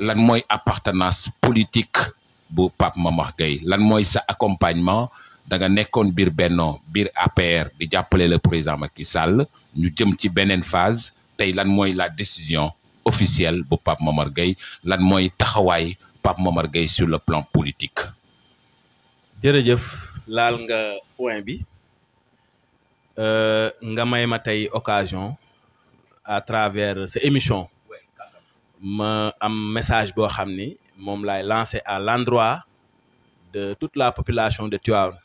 lan moy appartenance politique bu Pape Mamar gay. lan moy sa accompagnement da nga nekkoon biir Benno bir APR di jappelé le président Macky Sall ñu jëm ci benen phase tay lan moy la décision officielle bu Pape Mamar gay. lan moy taxaway Pape Mamar gay sur le plan politique. jerejeuf lal nga point bi euh, nga may ma tey occasion à travers ces émissions ma am message bo xamni mom lay lancer lancé à l'endroit de toute la population de Tivaouane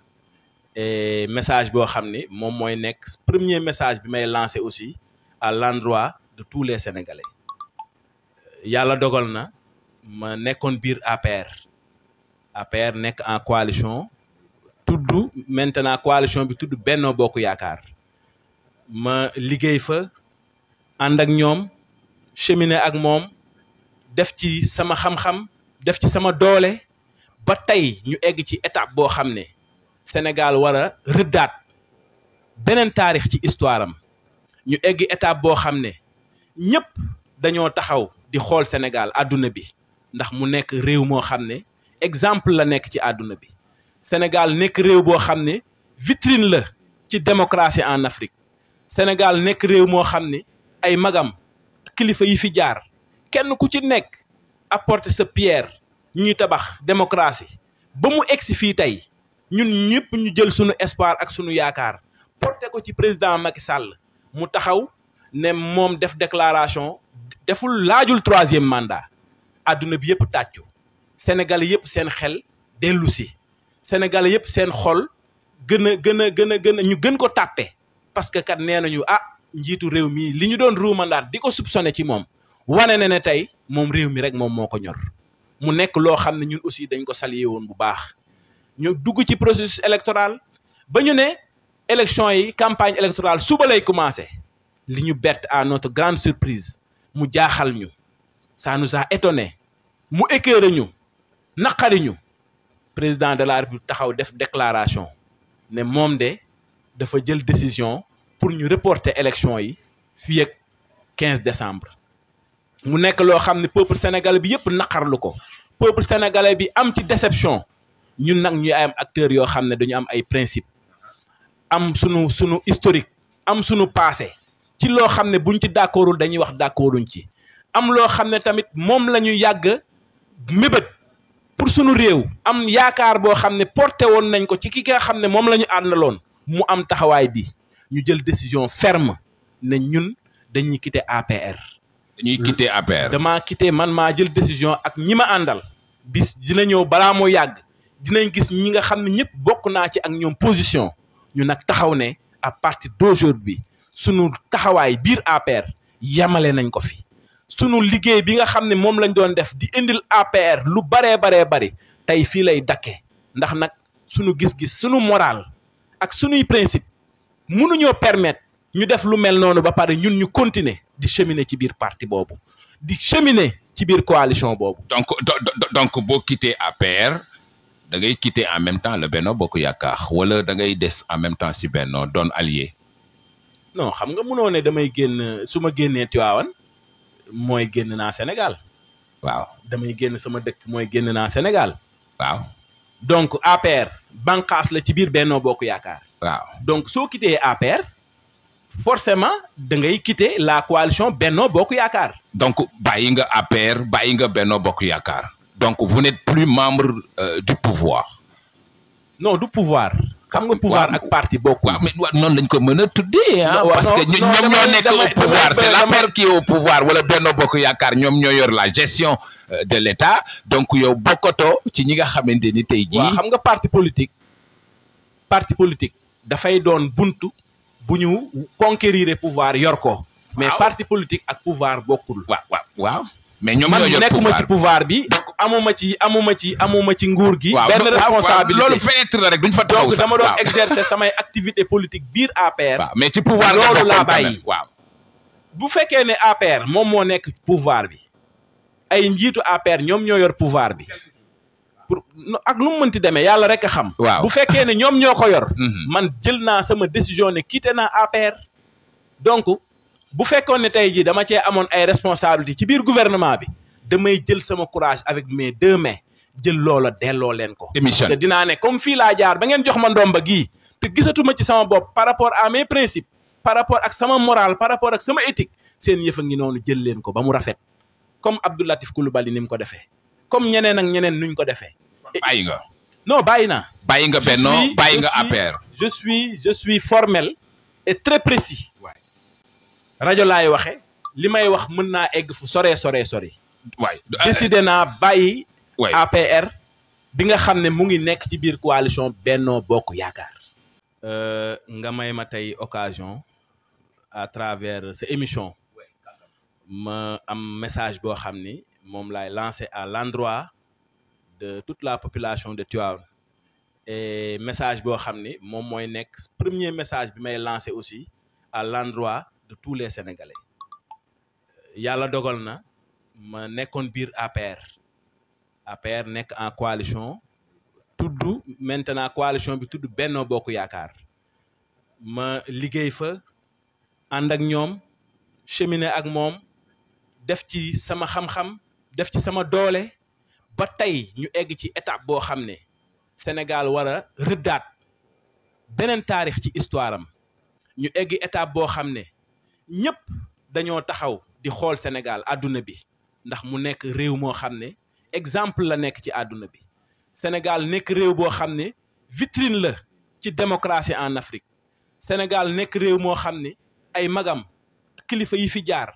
et message bo xamni mom moy nek premier message bi may lancé aussi à l'endroit de tous les Sénégalais yalla dogal na ma nekone bir APR APR nek en coalition tudd maintenant coalition bi tudd Benno bokou yakar ma liguey fa ànd ak ñoom cheminer ak mom def ci sama xam-xam def ci sama doole ba tey ñu egg ci étape boo xam ne Sénégal war a rëddaat beneen taarix ci histoire ñu egg étape boo xam ne ñëpp dañoo taxaw di xool Sénégal àdduna bi ndax mu nekk réew moo xam ne exemple la nekk ci àdduna bi Sénégal nekk réew boo xam ne vitrine la ci démocratie en Afrique Sénégal nekk réew moo xam ne ay magam kilifa yi fi jaar kenn ku ci nek apporter ce pierre ñuy tabax démocratie ba mu egsi fii tey ñun ñëpp ñu jël sunu espoir ak sunu yaakaar porter ko ci président Macky Sall mu taxaw ne moom def déclaration deful laajul troisième mandat àdduna bi yëpp tàccu Sénégal yëpp seen xel dellu si Sénégal yëpp seen xol gën a gën a gën a gën a ñu gën ko tàppe parce que kat nee nañu ah njiitu réew mi li ñu doon ruumandaat di ko soupçonné ci moom wane na ne tey moom réew mi rek mom moko ñor mu nek lo xamne ñun aussi dañ ko salué woon bu baax ñu dugg ci processus électoral ba ñu élection yi campagne électorale suba lay commencé li ñu berte à notre grande surprise mu jaaxal ñu ça nous a étonné mu écœuré ñu nakari ñu président de la république taxaw def déclaration né mom de dafa jël décision pour ñu reporter élection yi fi ak 15 décembre mu nekk loo xam ne peuple sénégalais bi yëpp naqarlu ko peuple sénégalais bi am ci déception ñun nag ñuy am acteurs yoo xam ne dañu am ay principe am sunu sunu historique am sunu passé ci loo xam ne buñ ci d'accordul dañuy wax d'accorduñ ci am loo xam ne tamit moom la ñu yàgg mébét pour sunu réew am yaakaar boo xam ne porté woon nañ ko ci ki nga xam ne moom la ñu àndaloon mu am taxawaay bi ñu jël décision ferme ne ñun dañuy quitter APR ñuy quitter APR. man ma jël décision ak ñima andal bis dina ñëw bala mo yag dinañ gis ñi nga xamni position ñu nak taxaw à partir d'aujourd'hui sunu taxaway biir APR yamalé nañ ko fi. sunu liggéey bi nga xamni mom def di indil APR lu bare bare bari tay fi lay sunu gis-gis sunu moral ak suñu principe ñoo permettre ñu def lu mel nonu ba paré ñun ñu continuer di cheminer ci biir parti bobu di cheminer ci biir coalition bobu donc donc boo quitter APR da ngay quitter en même temps le Benno Bokk Yaakaar wala da ngay dess en même temps si Benno donne allié. non xam nga mënoo ne damay génn suma génné génnee moy mooy génn naa Sénégal. waaw damay génn sama dëkk moy génn na Sénégal. waaw donc APR bankas la ci biir Benno Bokk yakar waaw donc so quitter APR forcément de ngay quitter la coalition Benno Bokuyakar. donc bayinga APR bayinga Benno Bokuyakar. donc vous n'êtes plus membre euh, du pouvoir. non du pouvoir. xam nga pouvoir ak parti bokkul. Non, mais non, lañ ko mën hein, parce que nous ñoo nekk au pouvoir c'est l'APR qui est au pouvoir wala Benno Bokuyakar. Nous, ñoom ñoo yor la gestion euh, de l'État donc yow bokkatoo ci ñi nga xamante ni tey jii. waaw xam nga parti politique parti politique dafay doon buntu. bu ñu conquérir pouvoir yor ko. mais parti politique ak pouvoir bokkul. waaw waaw waaw. mais ñoom ñoo yor pouvoir man nekkuma ci pouvoir bi. amuma ci amuma ci amuma ci nguur gi. waaw benn responsabilité loolu fenêtre la rek duñ fa taxaw sax donc dama doon exercer samay activité politique biir APR. mais ci pouvoir loolu laa bàyyi waaw. bu fekkee ne APR moom moo nekk pouvoir bi ay njiitu APR ñoom ñoo yor pouvoir bi. pour ak lu mën ti rek xam. bu féké né yor. Mhm. man jël décision ne quitter naa APR. donc bu fekkoon ne dama ci amone ay responsabilité ci biir gouvernement bi damay jël sama courage avec mes deux mains jël lolo délo len ko. té dina né comme jaar ba ngeen jox ma ndomba gi gisatuma ci sama par rapport à mes principes par rapport ak sama moral par rapport ak sama éthique seen ngi jël ko ba mu rafet comme Abdou Latif Koulibaly comme ñeneen ak ñeneen nuñ ko défé non bayina bayinga Benno bayinga je suis je suis formel et très précis. suis Je suis wax mën egg fu décidé na Je APR bi nga xamné mu ngi nekk ci biir coalition Benno euh, nga may ma occasion à travers suis émission ma am message bo xamné je l'ai lancé à l'endroit de toute la population de Tivaouane et message que xam mom moy nek premier message bi may lancé aussi à l'endroit de tous les Sénégalais Yalla dogal na ma nekkoon bir APR APR nek en coalition tudd maintenant coalition bi tudd Benno Bokk yakar. ma liguey fa ànd ak ñoom cheminer ak mom def ci sama xam-xam def ci sama doole ba tey ñu egg ci étape boo xam ne Sénégal wara a rëddaat beneen taarix ci histoire ñu egg étape boo xam ne ñëpp dañoo taxaw di xool Sénégal àdduna bi ndax mu nekk réew moo xam ne exemple la nekk ci àdduna bi Sénégal nekk réew boo xam ne vitrine la ci démocratie en Afrique Sénégal nekk réew moo xam ne ay magam kilifa yi fi jaar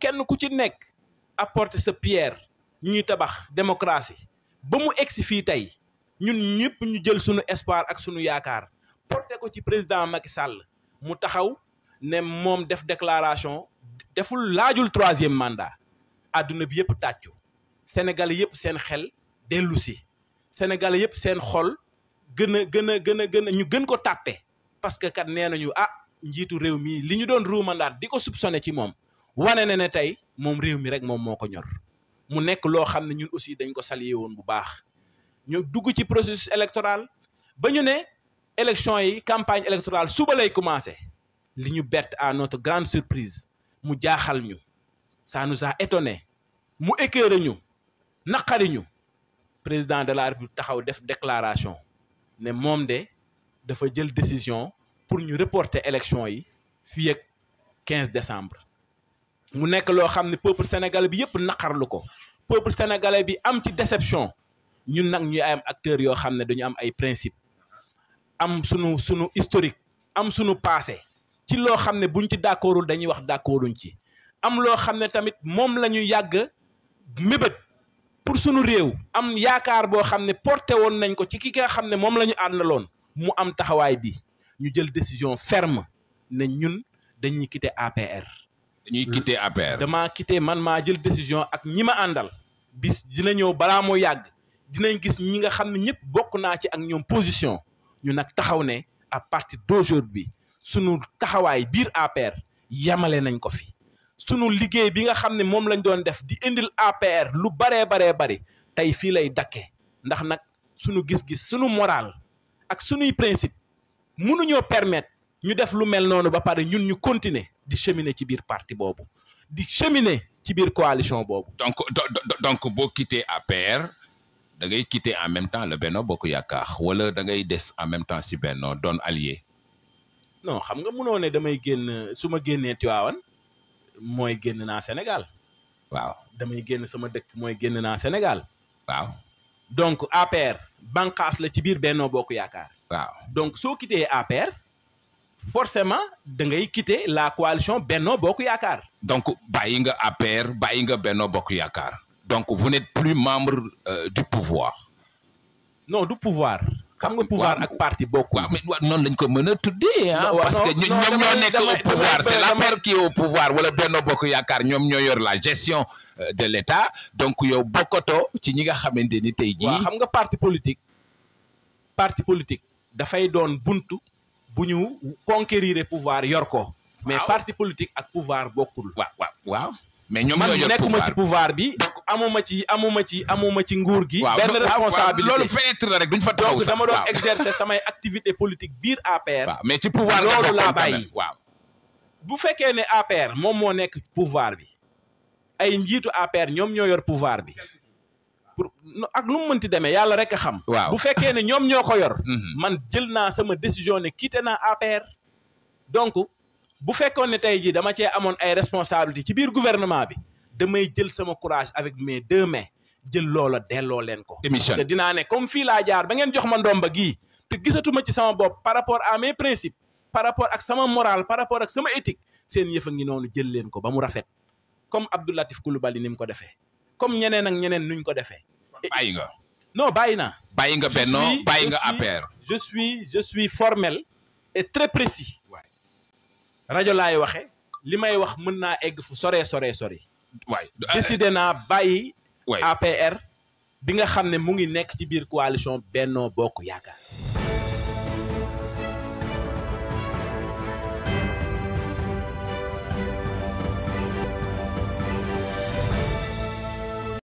kenn ku ci nekk apporter sa pierre ñuy tabax démocratie ba mu egsi fi tay ñun ñëpp ñu jël suñu espoir ak suñu yaakaar porter ko ci président Macky Sall mu taxaw né mom def déclaration deful lajul 3e mandat aduna bi yëpp tàccu sénégalais yëpp seen xel dellu si Sénégal yëpp seen xol gëna gëna gëna gëna ñu gën ko tapé parce que kat nee nañu ah njiitu réew mi li ñu doon ruumandaat di ko soupçonné ci mom wane na ne tey moom réew mi rek mom moko ñor mu nek lo xam ñun aussi dañ ko salué won bu baax ñu dugg ci processus électoral ba ñu ne élection yi campagne électorale suba lay commencé li ñu bett à notre grande surprise mu jaaxal ñu ça nous a étonné mu écœuré ñu nakari ñu président de la république taxaw def déclaration né mom de dafa jël décision pour ñu reporter élection yi fi ak 15 décembre mu nekk loo xam ne peuple sénégalais bi yëpp naqarlu ko peuple sénégalais bi am ci déception ñun nag ñu am acteurs yoo xam ne dañu am ay principe am sunu sunu historique am sunu passé ci loo xam ne buñ ci d'accordul dañuy wax d'accorduñ ci am loo xam ne tamit moom la ñu yàgg mébét pour sunu réew am yaakaar boo xam ne porté woon nañ ko ci ki nga xam ne moom la ñu àndaloon mu am taxawaay bi ñu jël décision ferme ne ñun dañuy quitter APR dañuy hmm. quitter APR. damaa quitter man maa jël décision ak ñi ma àndal bis dina ñëw balaa moo yàgg dinañ gis ñi nga xam ne ñëpp bokk naa ci ak ñoom position ñu nag taxaw ne à partir d'aujourd'hui sunu taxawaay biir APR yamale nañ ko fi sunu liggéey bi nga xam ne moom lañ doon def di indil APR lu baree baree bari tey fii lay dakke ndax nag sunu gis-gis suñu moral ak sunuy principe mënuñoo permettre ñu def lu mel noonu ba paré ñun ñu continuer di cheminer ci biir parti bobu di cheminer ci biir coalition bobu donc donc boo quitter APR da ngay quitter en même temps le Benno Bokk Yaakaar wala da ngay dess en même temps si Benno don allié. non xam nga mënoo ne damay génn suma génné génnee moy mooy génn naa Sénégal. waaw damay génn sama dëkk moy génn na Sénégal. waaw donc APR bankas la ci biir Benno Bokk yakar waaw donc so quitter APR forcément de ngay quitter la coalition Benno Bokuyakar. donc Bayinga a APR Bayinga Benno Bokk donc vous n'êtes plus membre euh, du pouvoir. non du pouvoir. xam nga pouvoir ak parti bokkul. waaw mais noonu lañ ko mën a hein? parce que nous ñoo nekk au pouvoir c'est l'APR qui est au pouvoir wala Benno Bokk Yaakaar ñoom ñoo yor la gestion euh, de l'État donc yow bokkatoo ci ñi nga xamante ni tey jii. waaw xam nga parti politique parti politique dafay doon buntu. bu ñu conquérir pouvoir yor ko. mais parti politique ak pouvoir bokkul. waaw waaw waaw. mais ñoom ñoo yor pouvoir man nekkuma ci pouvoir bi. donc amuma ci amuma ci amuma ci nguur gi. benn responsabilité loolu fenêtre rek duñ fa taxaw sax dama doon exercer samay activité politique biir APR. mais ci pouvoir loolu laa bàyyi waaw. bu fekkee ne APR moom moo nekk pouvoir bi. ay njiitu APR ñoom ñoo yor pouvoir bi. ak lu mën ti démé yalla rek xam. bu féké né ñom ñoko yor. Mhm. man jël sama décision né quitté na APR. donc bu fekkoon tay ji dama ci amone ay responsabilité ci biir gouvernement bi damay jël sama courage avec mes deux mains jël lolo délo len ko. té comme fi la jaar ba ngeen jox ma ndomba gi gisatuma ci sama par rapport à mes principes par rapport ak sama moral par rapport ak sama éthique seen yëf ngi nonu jël qui ko ba mu comme Abdou Latif Koulibaly ko comme ñeneen ak ñeneen nuñ ko défé bàyyi nga. non bayina naa. bàyyi nga Benno nga APR. je suis je suis formel et très précis. radio lay waxé limay wax mëna egg fu soree soree sore. way décidé na bàyyi. APR bi nga xamné mu ngi nekk ci biir coalition Benno Bokk yaaka